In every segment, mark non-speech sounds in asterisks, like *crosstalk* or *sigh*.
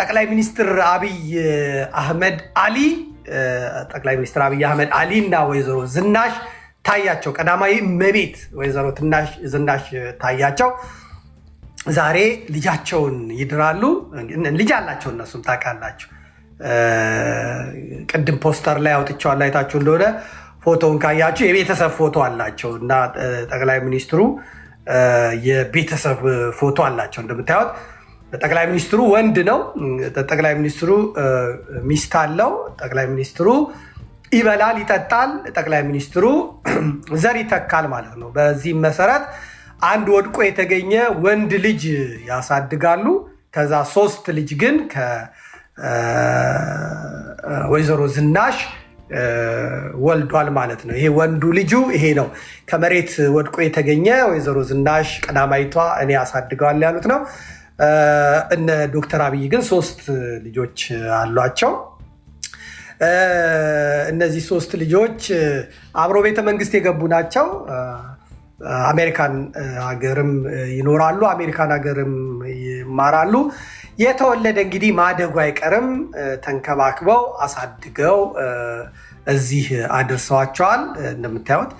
ጠቅላይ ሚኒስትር አብይ አህመድ አሊ ጠቅላይ ሚኒስትር አብይ አህመድ አሊ እና ወይዘሮ ዝናሽ ታያቸው ቀዳማዊ እመቤት ወይዘሮ ዝናሽ ታያቸው ዛሬ ልጃቸውን ይድራሉ። ልጅ አላቸው እነሱም ታውቃላችሁ። ቅድም ፖስተር ላይ አውጥቼዋለሁ አይታችሁ እንደሆነ ፎቶውን ካያችሁ የቤተሰብ ፎቶ አላቸው እና ጠቅላይ ሚኒስትሩ የቤተሰብ ፎቶ አላቸው እንደምታዩት ጠቅላይ ሚኒስትሩ ወንድ ነው። ጠቅላይ ሚኒስትሩ ሚስት አለው። ጠቅላይ ሚኒስትሩ ይበላል፣ ይጠጣል። ጠቅላይ ሚኒስትሩ *clears throat* ዘር ይተካል ማለት ነው። በዚህም መሰረት አንድ ወድቆ የተገኘ ወንድ ልጅ ያሳድጋሉ። ከዛ ሶስት ልጅ ግን ከወይዘሮ ዝናሽ ወልዷል ማለት ነው። ይሄ ወንዱ ልጁ ይሄ ነው። ከመሬት ወድቆ የተገኘ ወይዘሮ ዝናሽ ቀዳማዊቷ እኔ ያሳድገዋል ያሉት ነው። እነ ዶክተር አብይ ግን ሶስት ልጆች አሏቸው። እነዚህ ሶስት ልጆች አብሮ ቤተ መንግስት የገቡ ናቸው። አሜሪካን ሀገርም ይኖራሉ፣ አሜሪካን ሀገርም ይማራሉ። የተወለደ እንግዲህ ማደጉ አይቀርም። ተንከባክበው አሳድገው እዚህ አድርሰዋቸዋል እንደምታዩት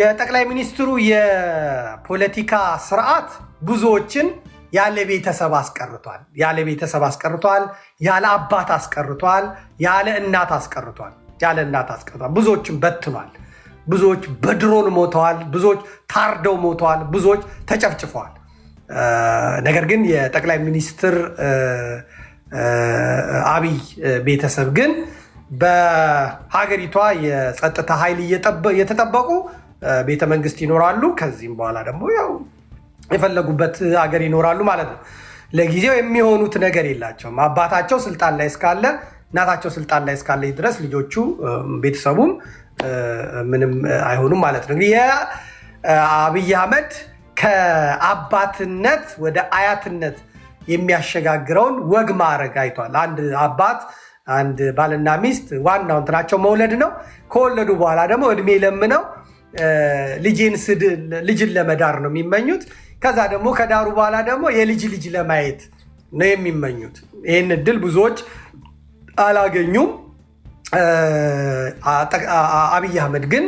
የጠቅላይ ሚኒስትሩ የፖለቲካ ስርዓት ብዙዎችን ያለ ቤተሰብ አስቀርቷል። ያለ ቤተሰብ አስቀርቷል። ያለ አባት አስቀርቷል። ያለ እናት አስቀርቷል። ያለ እናት አስቀርቷል። ብዙዎችን በትኗል። ብዙዎች በድሮን ሞተዋል። ብዙዎች ታርደው ሞተዋል። ብዙዎች ተጨፍጭፈዋል። ነገር ግን የጠቅላይ ሚኒስትር አብይ ቤተሰብ ግን በሀገሪቷ የጸጥታ ኃይል እየተጠበቁ ቤተ መንግስት ይኖራሉ። ከዚህም በኋላ ደግሞ ያው የፈለጉበት ሀገር ይኖራሉ ማለት ነው። ለጊዜው የሚሆኑት ነገር የላቸውም። አባታቸው ስልጣን ላይ እስካለ እናታቸው ስልጣን ላይ እስካለ ድረስ ልጆቹ ቤተሰቡም ምንም አይሆኑም ማለት ነው። እንግዲህ የአብይ አህመድ ከአባትነት ወደ አያትነት የሚያሸጋግረውን ወግ ማዕረግ አይቷል። አንድ አባት አንድ ባልና ሚስት ዋናው እንትናቸው መውለድ ነው። ከወለዱ በኋላ ደግሞ እድሜ ለምነው ልጅን ልጅን ለመዳር ነው የሚመኙት። ከዛ ደግሞ ከዳሩ በኋላ ደግሞ የልጅ ልጅ ለማየት ነው የሚመኙት። ይህን እድል ብዙዎች አላገኙም። አብይ አህመድ ግን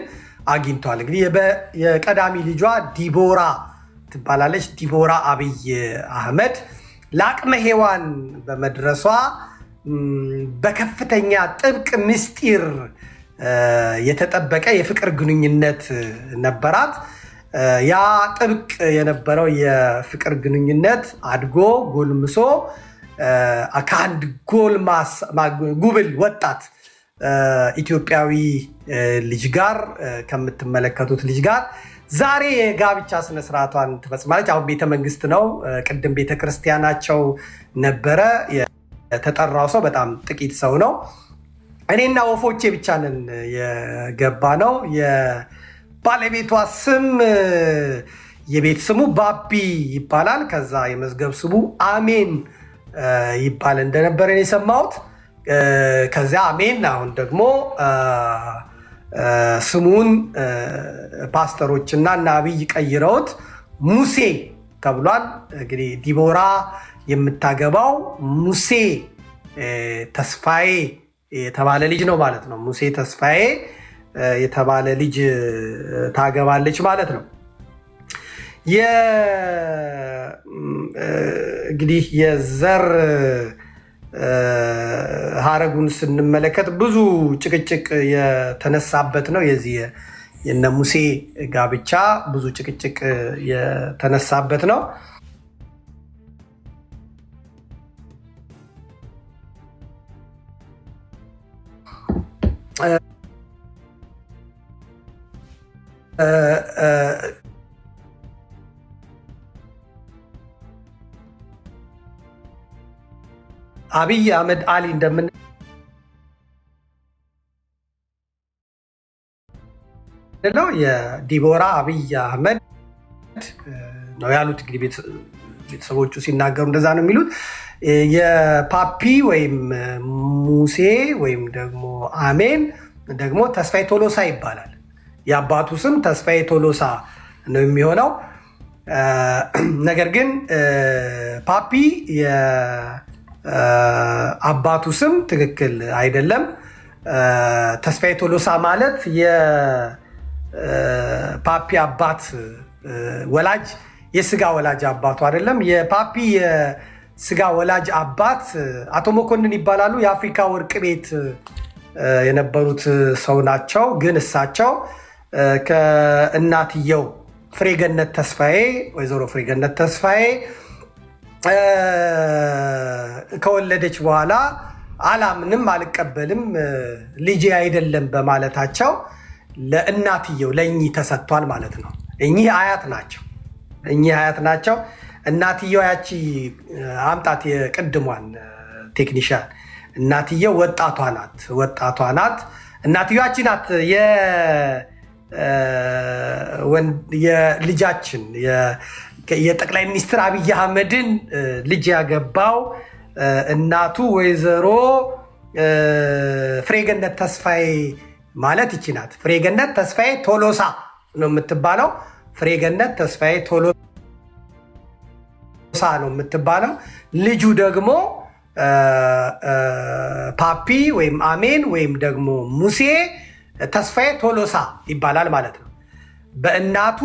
አግኝቷል። እንግዲህ የቀዳሚ ልጇ ዲቦራ ትባላለች። ዲቦራ አብይ አህመድ ለአቅመ ሔዋን በመድረሷ በከፍተኛ ጥብቅ ምስጢር የተጠበቀ የፍቅር ግንኙነት ነበራት። ያ ጥብቅ የነበረው የፍቅር ግንኙነት አድጎ ጎልምሶ ከአንድ ጎልማስ ጉብል ወጣት ኢትዮጵያዊ ልጅ ጋር ከምትመለከቱት ልጅ ጋር ዛሬ የጋብቻ ስነስርዓቷን ትፈጽማለች። አሁን ቤተመንግስት ነው። ቅድም ቤተክርስቲያናቸው ነበረ። የተጠራው ሰው በጣም ጥቂት ሰው ነው። እኔና ወፎቼ ብቻ የገባ ነው። የባለቤቷ ስም የቤት ስሙ ባቢ ይባላል። ከዛ የመዝገብ ስሙ አሜን ይባል እንደነበረ የሰማሁት። ከዚያ አሜን አሁን ደግሞ ስሙን ፓስተሮችና እና አብይ ቀይረውት ሙሴ ተብሏል። እንግዲህ ዲቦራ የምታገባው ሙሴ ተስፋዬ የተባለ ልጅ ነው ማለት ነው። ሙሴ ተስፋዬ የተባለ ልጅ ታገባለች ማለት ነው። እንግዲህ የዘር ሀረጉን ስንመለከት ብዙ ጭቅጭቅ የተነሳበት ነው። የዚህ የነ ሙሴ ጋብቻ ብዙ ጭቅጭቅ የተነሳበት ነው። አብይ አህመድ አሊ እንደምን ለው የዲቦራ አብይ አህመድ ነው ያሉት እንግዲህ ቤተሰቦቹ ሲናገሩ እንደዛ ነው የሚሉት። የፓፒ ወይም ሙሴ ወይም ደግሞ አሜን ደግሞ ተስፋዬ ቶሎሳ ይባላል። የአባቱ ስም ተስፋዬ ቶሎሳ ነው የሚሆነው። ነገር ግን ፓፒ የአባቱ ስም ትክክል አይደለም። ተስፋዬ ቶሎሳ ማለት የፓፒ አባት ወላጅ የስጋ ወላጅ አባቱ አይደለም። የፓፒ የስጋ ወላጅ አባት አቶ መኮንን ይባላሉ። የአፍሪካ ወርቅ ቤት የነበሩት ሰው ናቸው። ግን እሳቸው ከእናትየው ፍሬገነት ተስፋዬ ወይዘሮ ፍሬገነት ተስፋዬ ከወለደች በኋላ አላምንም፣ አልቀበልም ልጄ አይደለም በማለታቸው ለእናትየው ለእኚህ ተሰጥቷል ማለት ነው። እኚህ አያት ናቸው። እኚህ አያት ናቸው። እናትየው ያቺ አምጣት የቅድሟን ቴክኒሽያን እናትየው ወጣቷ ናት፣ ወጣቷ ናት። እናትየው ያቺ ናት የልጃችን የጠቅላይ ሚኒስትር አብይ አህመድን ልጅ ያገባው እናቱ ወይዘሮ ፍሬገነት ተስፋዬ ማለት ይቺ ናት። ፍሬገነት ተስፋዬ ቶሎሳ ነው የምትባለው። ፍሬገነት ተስፋዬ ቶሎሳ ነው የምትባለው። ልጁ ደግሞ ፓፒ ወይም አሜን ወይም ደግሞ ሙሴ ተስፋዬ ቶሎሳ ይባላል ማለት ነው። በእናቱ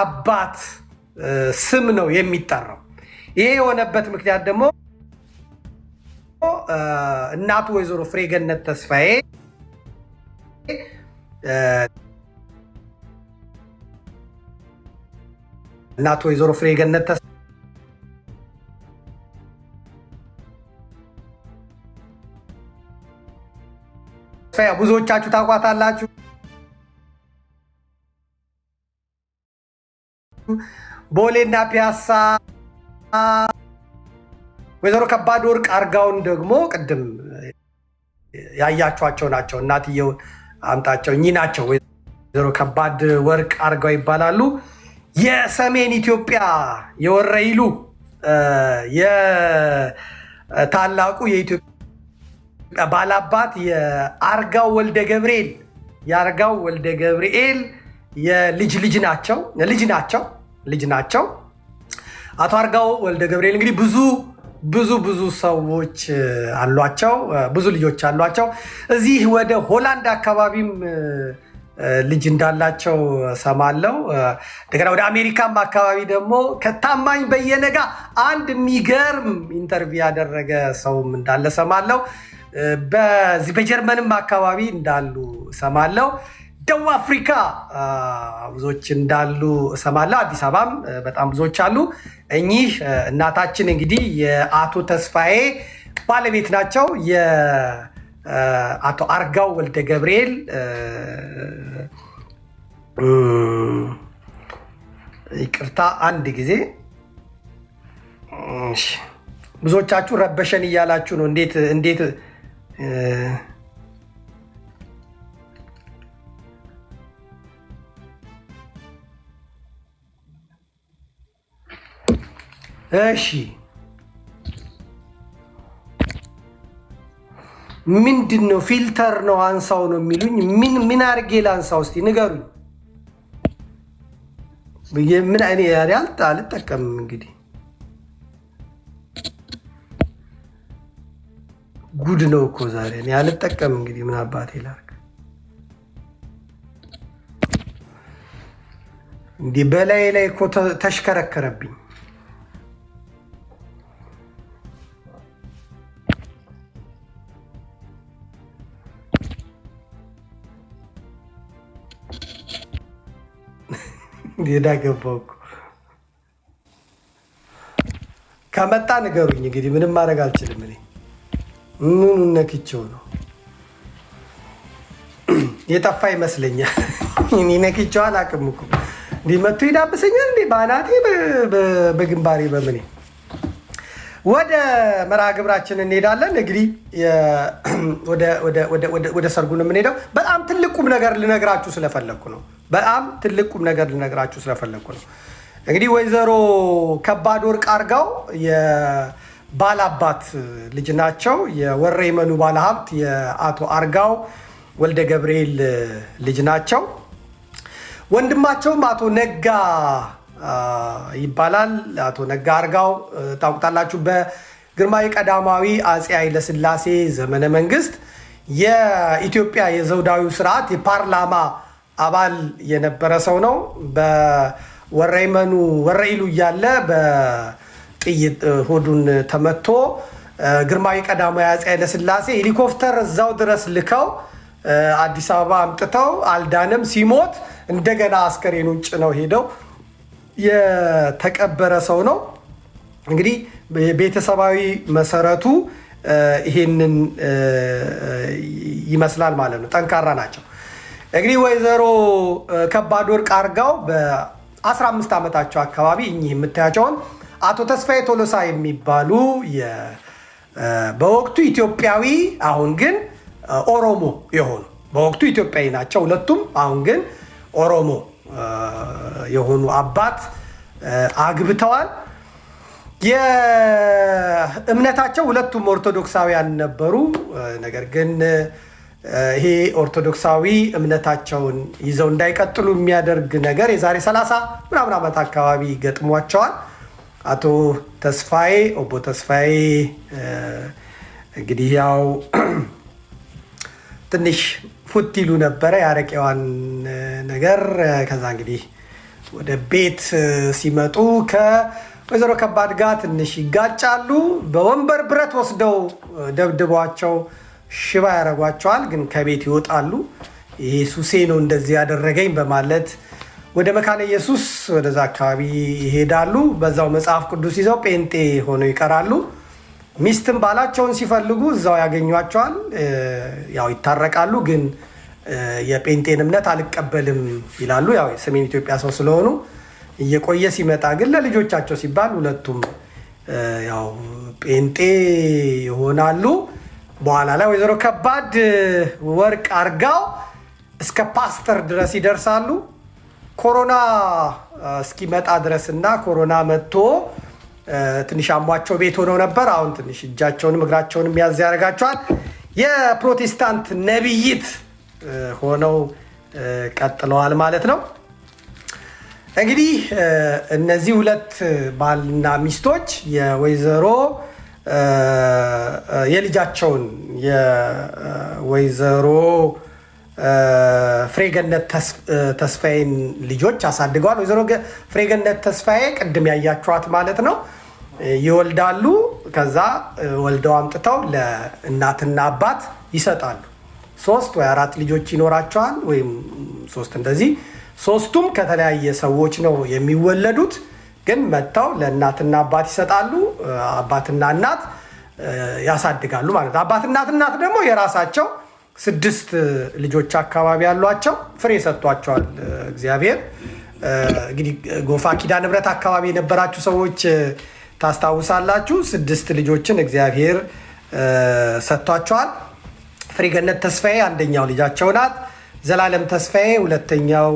አባት ስም ነው የሚጠራው። ይሄ የሆነበት ምክንያት ደግሞ እናቱ ወይዘሮ ፍሬገነት ተስፋዬ እናት ወይዘሮ ፍሬ ገነት ተስ ብዙዎቻችሁ ታውቋታላችሁ። ቦሌና ፒያሳ ወይዘሮ ከባድ ወርቅ አርጋውን ደግሞ ቅድም ያያችኋቸው ናቸው። እናትየው አምጣቸው እኚህ ናቸው። ወይዘሮ ከባድ ወርቅ አርጋው ይባላሉ። የሰሜን ኢትዮጵያ የወረይሉ የታላቁ የኢትዮጵያ ባላባት የአርጋው ወልደ ገብርኤል የአርጋው ወልደ ገብርኤል የልጅ ልጅ ናቸው ልጅ ናቸው ልጅ ናቸው። አቶ አርጋው ወልደ ገብርኤል እንግዲህ ብዙ ብዙ ብዙ ሰዎች አሏቸው፣ ብዙ ልጆች አሏቸው። እዚህ ወደ ሆላንድ አካባቢም ልጅ እንዳላቸው ሰማለው። እንደገና ወደ አሜሪካም አካባቢ ደግሞ ከታማኝ በየነ አንድ የሚገርም ኢንተርቪው ያደረገ ሰውም እንዳለ ሰማለው። በዚህ በጀርመንም አካባቢ እንዳሉ ሰማለው። ደቡብ አፍሪካ ብዙዎች እንዳሉ ሰማለው። አዲስ አበባም በጣም ብዙዎች አሉ። እኚህ እናታችን እንግዲህ የአቶ ተስፋዬ ባለቤት ናቸው። አቶ አርጋው ወልደ ገብርኤል ይቅርታ፣ አንድ ጊዜ ብዙዎቻችሁ ረበሸን እያላችሁ ነው። እንዴት እንዴት እሺ ምንድን ነው ፊልተር ነው አንሳው ነው የሚሉኝ? ምን ምን አርጌ ላንሳው? እስቲ ንገሩኝ። ምን እኔ አልጠቀምም። እንግዲህ ጉድ ነው እኮ ዛሬ። እኔ አልጠቀምም። እንግዲህ ምን አባቴ ላርግ እንዲህ በላይ ላይ እኮ ተሽከረከረብኝ። እንግዳ ገባሁ እኮ ከመጣ ንገሩኝ። እንግዲህ ምንም ማድረግ አልችልም። እኔ ምኑ ነክቼው ነው የጠፋ ይመስለኛል። *laughs* እኔ ነክቼው አላውቅም እኮ እንዲህ መቶ ይዳብሰኛል። እንዲህ በአናቴ በግንባሬ በምኔ ወደ መርሃ ግብራችን እንሄዳለን። እንግዲህ *clears throat* ወደ ሰርጉ ነው የምንሄደው። በጣም ትልቅ ቁም ነገር ልነግራችሁ ስለፈለግኩ ነው። በጣም ትልቅ ቁም ነገር ልነግራችሁ ስለፈለግኩ ነው። እንግዲህ ወይዘሮ ከባድ ወርቅ አርጋው የባላባት ልጅ ናቸው። የወረይመኑ ባለሀብት የአቶ አርጋው ወልደ ገብርኤል ልጅ ናቸው። ወንድማቸውም አቶ ነጋ ይባላል። አቶ ነጋ አርጋው ታውቁታላችሁ። በግርማዊ ቀዳማዊ አፄ ኃይለስላሴ ዘመነ መንግስት የኢትዮጵያ የዘውዳዊ ስርዓት የፓርላማ አባል የነበረ ሰው ነው። በወረይመኑ ወረኢሉ እያለ በጥይት ሆዱን ተመቶ ግርማዊ ቀዳማዊ አፄ ለስላሴ ሄሊኮፕተር እዛው ድረስ ልከው አዲስ አበባ አምጥተው አልዳንም። ሲሞት እንደገና አስከሬኑን ጭነው ሄደው የተቀበረ ሰው ነው። እንግዲህ ቤተሰባዊ መሰረቱ ይሄንን ይመስላል ማለት ነው። ጠንካራ ናቸው። እንግዲህ ወይዘሮ ከባድ ወርቅ አርጋው በ15 ዓመታቸው አካባቢ እኚህ የምታያቸውን አቶ ተስፋዬ ቶሎሳ የሚባሉ በወቅቱ ኢትዮጵያዊ አሁን ግን ኦሮሞ የሆኑ በወቅቱ ኢትዮጵያዊ ናቸው ሁለቱም። አሁን ግን ኦሮሞ የሆኑ አባት አግብተዋል። የእምነታቸው ሁለቱም ኦርቶዶክሳውያን ነበሩ። ነገር ግን ይሄ ኦርቶዶክሳዊ እምነታቸውን ይዘው እንዳይቀጥሉ የሚያደርግ ነገር የዛሬ 30 ምናምን ዓመት አካባቢ ገጥሟቸዋል። አቶ ተስፋዬ ኦቦ ተስፋዬ እንግዲህ ያው *clears throat* ትንሽ ፉት ይሉ ነበረ የአረቄዋን ነገር። ከዛ እንግዲህ ወደ ቤት ሲመጡ ከወይዘሮ ከባድ ጋር ትንሽ ይጋጫሉ። በወንበር ብረት ወስደው ደብድቧቸው ሽባ ያደርጓቸዋል፣ ግን ከቤት ይወጣሉ። ይሄ ሱሴ ነው እንደዚህ ያደረገኝ በማለት ወደ መካነ ኢየሱስ ወደዛ አካባቢ ይሄዳሉ። በዛው መጽሐፍ ቅዱስ ይዘው ጴንጤ ሆነው ይቀራሉ። ሚስትም ባላቸውን ሲፈልጉ እዛው ያገኟቸዋል። ያው ይታረቃሉ፣ ግን የጴንጤን እምነት አልቀበልም ይላሉ። ያው የሰሜን ኢትዮጵያ ሰው ስለሆኑ እየቆየ ሲመጣ ግን ለልጆቻቸው ሲባል ሁለቱም ያው ጴንጤ ይሆናሉ። በኋላ ላይ ወይዘሮ ከባድ ወርቅ አርጋው እስከ ፓስተር ድረስ ይደርሳሉ። ኮሮና እስኪመጣ ድረስ እና ኮሮና መጥቶ ትንሽ አሟቸው ቤት ሆነው ነበር። አሁን ትንሽ እጃቸውንም እግራቸውንም ያዝ ያደርጋቸዋል። የፕሮቴስታንት ነቢይት ሆነው ቀጥለዋል ማለት ነው። እንግዲህ እነዚህ ሁለት ባልና ሚስቶች የወይዘሮ የልጃቸውን የወይዘሮ ፍሬገነት ተስፋዬን ልጆች አሳድገዋል። ወይዘሮ ፍሬገነት ተስፋዬ ቅድም ያያችኋት ማለት ነው። ይወልዳሉ። ከዛ ወልደው አምጥተው ለእናትና አባት ይሰጣሉ። ሶስት ወይ አራት ልጆች ይኖራቸዋል፣ ወይም ሶስት እንደዚህ። ሶስቱም ከተለያየ ሰዎች ነው የሚወለዱት። ግን መጥተው ለእናትና አባት ይሰጣሉ። አባትና እናት ያሳድጋሉ ማለት ነው። አባትና እናት ደግሞ የራሳቸው ስድስት ልጆች አካባቢ ያሏቸው ፍሬ ሰጥቷቸዋል እግዚአብሔር። እንግዲህ ጎፋ ኪዳ ንብረት አካባቢ የነበራችሁ ሰዎች ታስታውሳላችሁ። ስድስት ልጆችን እግዚአብሔር ሰጥቷቸዋል። ፍሬገነት ተስፋዬ አንደኛው ልጃቸው ናት። ዘላለም ተስፋዬ ሁለተኛው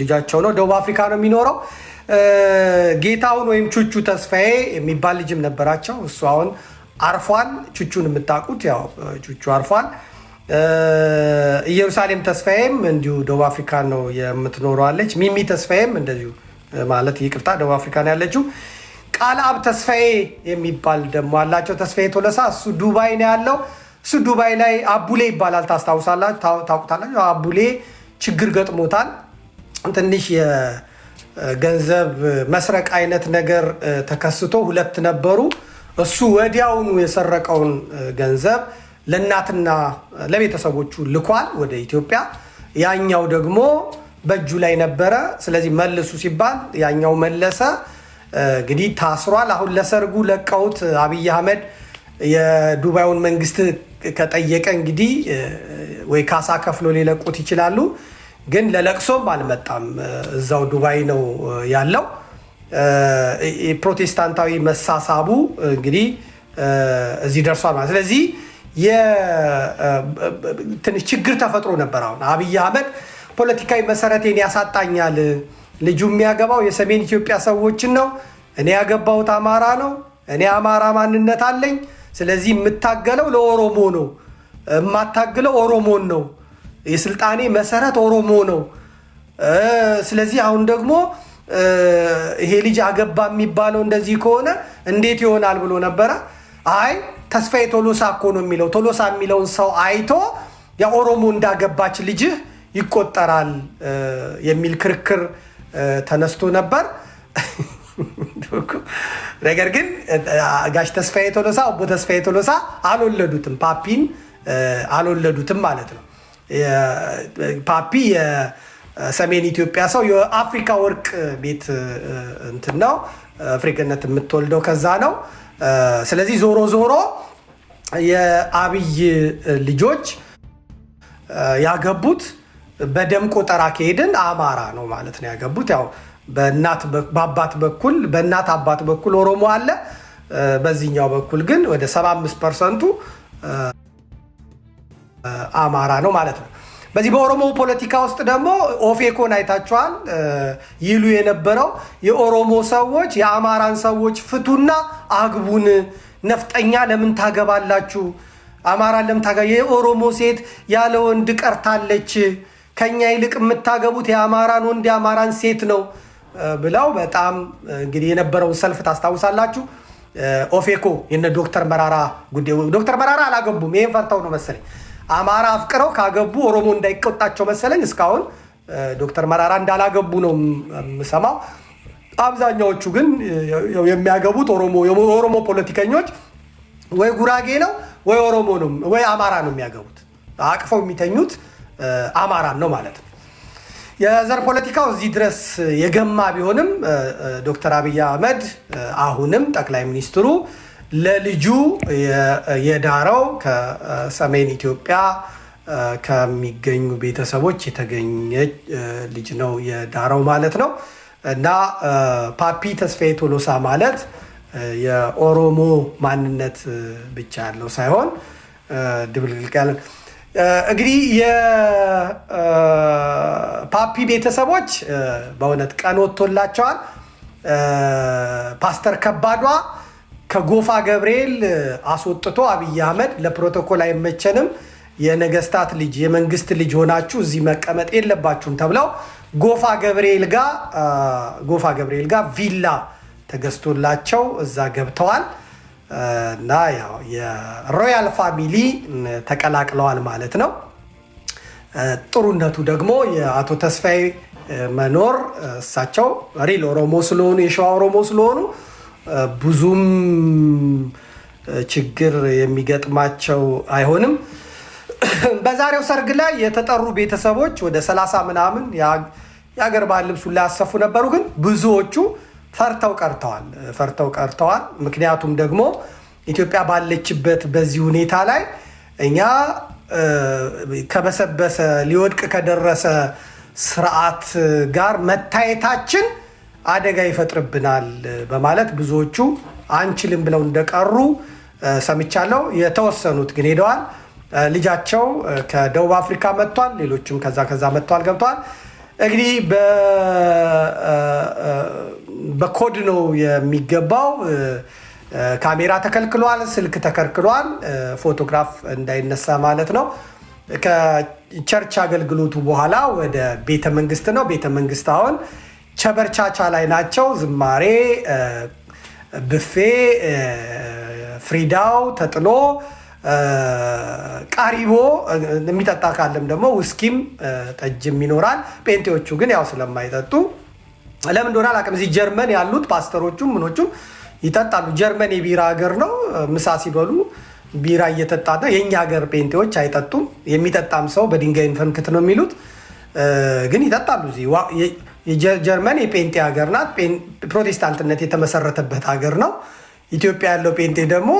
ልጃቸው ነው። ደቡብ አፍሪካ ነው የሚኖረው ጌታውን ወይም ቹቹ ተስፋዬ የሚባል ልጅም ነበራቸው። እሱ አሁን አርፏል። ቹቹን የምታውቁት ያው ቹቹ አርፏል። ኢየሩሳሌም ተስፋዬም እንዲሁ ደቡብ አፍሪካ ነው የምትኖረዋለች። ሚሚ ተስፋዬም እንደዚሁ ማለት ይቅርታ፣ ደቡብ አፍሪካ ነው ያለችው። ቃል አብ ተስፋዬ የሚባል ደግሞ አላቸው። ተስፋዬ ቶለሳ እሱ ዱባይ ነው ያለው። እሱ ዱባይ ላይ አቡሌ ይባላል። ታስታውሳላችሁ፣ ታውቁታላችሁ። አቡሌ ችግር ገጥሞታል ትንሽ ገንዘብ መስረቅ አይነት ነገር ተከስቶ ሁለት ነበሩ። እሱ ወዲያውኑ የሰረቀውን ገንዘብ ለእናትና ለቤተሰቦቹ ልኳል ወደ ኢትዮጵያ። ያኛው ደግሞ በእጁ ላይ ነበረ። ስለዚህ መልሱ ሲባል ያኛው መለሰ። እንግዲህ ታስሯል። አሁን ለሰርጉ ለቀውት አብይ አህመድ የዱባዩን መንግስት ከጠየቀ እንግዲህ ወይ ካሳ ከፍሎ ሊለቁት ይችላሉ። ግን ለለቅሶም አልመጣም። እዛው ዱባይ ነው ያለው። ፕሮቴስታንታዊ መሳሳቡ እንግዲህ እዚህ ደርሷል ማለት ስለዚህ ትንሽ ችግር ተፈጥሮ ነበር። አሁን አብይ አህመድ ፖለቲካዊ መሰረቴን ያሳጣኛል፣ ልጁ የሚያገባው የሰሜን ኢትዮጵያ ሰዎችን ነው፣ እኔ ያገባሁት አማራ ነው፣ እኔ አማራ ማንነት አለኝ፣ ስለዚህ የምታገለው ለኦሮሞ ነው፣ የማታግለው ኦሮሞን ነው የስልጣኔ መሰረት ኦሮሞ ነው። ስለዚህ አሁን ደግሞ ይሄ ልጅ አገባ የሚባለው እንደዚህ ከሆነ እንዴት ይሆናል ብሎ ነበረ። አይ ተስፋዬ ቶሎሳ እኮ ነው የሚለው። ቶሎሳ የሚለውን ሰው አይቶ የኦሮሞ እንዳገባች ልጅህ ይቆጠራል የሚል ክርክር ተነስቶ ነበር። ነገር ግን ጋሽ ተስፋዬ ቶሎሳ አቦ ተስፋዬ ቶሎሳ አልወለዱትም፣ ፓፒን አልወለዱትም ማለት ነው። ፓፒ የሰሜን ኢትዮጵያ ሰው የአፍሪካ ወርቅ ቤት እንትን ነው አፍሪክነት የምትወልደው ከዛ ነው። ስለዚህ ዞሮ ዞሮ የአብይ ልጆች ያገቡት በደም ቆጠራ ከሄድን አማራ ነው ማለት ነው ያገቡት። ያው በእናት በአባት በኩል በእናት አባት በኩል ኦሮሞ አለ። በዚህኛው በኩል ግን ወደ 75 ፐርሰንቱ አማራ ነው ማለት ነው። በዚህ በኦሮሞ ፖለቲካ ውስጥ ደግሞ ኦፌኮን አይታችኋል ይሉ የነበረው የኦሮሞ ሰዎች የአማራን ሰዎች ፍቱና አግቡን፣ ነፍጠኛ ለምን ታገባላችሁ? አማራን ለምን ታገ የኦሮሞ ሴት ያለ ወንድ ቀርታለች፣ ከኛ ይልቅ የምታገቡት የአማራን ወንድ የአማራን ሴት ነው ብለው በጣም እንግዲህ የነበረውን ሰልፍ ታስታውሳላችሁ። ኦፌኮ የነ ዶክተር መራራ ጉዳይ ዶክተር መራራ አላገቡም። ይህን ፈርተው ነው መሰለኝ አማራ አፍቅረው ካገቡ ኦሮሞ እንዳይቆጣቸው መሰለኝ እስካሁን ዶክተር መራራ እንዳላገቡ ነው የምሰማው። አብዛኛዎቹ ግን የሚያገቡት ኦሮሞ ፖለቲከኞች ወይ ጉራጌ ነው ወይ ኦሮሞ ነው ወይ አማራ ነው የሚያገቡት። አቅፈው የሚተኙት አማራን ነው ማለት ነው። የዘር ፖለቲካው እዚህ ድረስ የገማ ቢሆንም ዶክተር አብይ አህመድ አሁንም ጠቅላይ ሚኒስትሩ ለልጁ የዳረው ከሰሜን ኢትዮጵያ ከሚገኙ ቤተሰቦች የተገኘ ልጅ ነው የዳረው ማለት ነው። እና ፓፒ ተስፋዬ ቶሎሳ ማለት የኦሮሞ ማንነት ብቻ ያለው ሳይሆን ድብልቅልቅ እንግዲህ የፓፒ ቤተሰቦች በእውነት ቀን ወጥቶላቸዋል። ፓስተር ከባዷ ከጎፋ ገብርኤል አስወጥቶ አብይ አህመድ ለፕሮቶኮል አይመቸንም፣ የነገስታት ልጅ የመንግስት ልጅ ሆናችሁ እዚህ መቀመጥ የለባችሁም ተብለው ጎፋ ገብርኤል ጋር ጎፋ ገብርኤል ጋር ቪላ ተገዝቶላቸው እዛ ገብተዋል እና ያው የሮያል ፋሚሊ ተቀላቅለዋል ማለት ነው። ጥሩነቱ ደግሞ የአቶ ተስፋዬ መኖር እሳቸው ሪል ኦሮሞ ስለሆኑ የሸዋ ኦሮሞ ስለሆኑ ብዙም ችግር የሚገጥማቸው አይሆንም። *clears throat* በዛሬው ሰርግ ላይ የተጠሩ ቤተሰቦች ወደ ሰላሳ ምናምን የአገር ባህል ልብሱን ላያሰፉ ነበሩ። ግን ብዙዎቹ ፈርተው ቀርተዋል ፈርተው ቀርተዋል። ምክንያቱም ደግሞ ኢትዮጵያ ባለችበት በዚህ ሁኔታ ላይ እኛ ከበሰበሰ ሊወድቅ ከደረሰ ስርዓት ጋር መታየታችን አደጋ ይፈጥርብናል በማለት ብዙዎቹ አንችልም ብለው እንደቀሩ ሰምቻለሁ። የተወሰኑት ግን ሄደዋል። ልጃቸው ከደቡብ አፍሪካ መጥቷል። ሌሎችም ከዛ ከዛ መጥተዋል ገብተዋል። እንግዲህ በኮድ ነው የሚገባው። ካሜራ ተከልክሏል፣ ስልክ ተከልክሏል፣ ፎቶግራፍ እንዳይነሳ ማለት ነው። ከቸርች አገልግሎቱ በኋላ ወደ ቤተ መንግስት ነው። ቤተ መንግስት አሁን ቸበርቻቻ ላይ ናቸው። ዝማሬ፣ ብፌ፣ ፍሪዳው ተጥሎ ቃሪቦ የሚጠጣ ካለም ደግሞ ውስኪም ጠጅም ይኖራል። ጴንጤዎቹ ግን ያው ስለማይጠጡ ለምን እንደሆነ አላውቅም። እዚህ ጀርመን ያሉት ፓስተሮቹም ምኖቹም ይጠጣሉ። ጀርመን የቢራ ሀገር ነው። ምሳ ሲበሉ ቢራ እየጠጣና የእኛ ሀገር ጴንጤዎች አይጠጡም። የሚጠጣም ሰው በድንጋይ ፈንክት ነው የሚሉት፣ ግን ይጠጣሉ እዚህ ጀርመን የጴንጤ ሀገር ናት። ፕሮቴስታንትነት የተመሰረተበት ሀገር ነው። ኢትዮጵያ ያለው ጴንጤ ደግሞ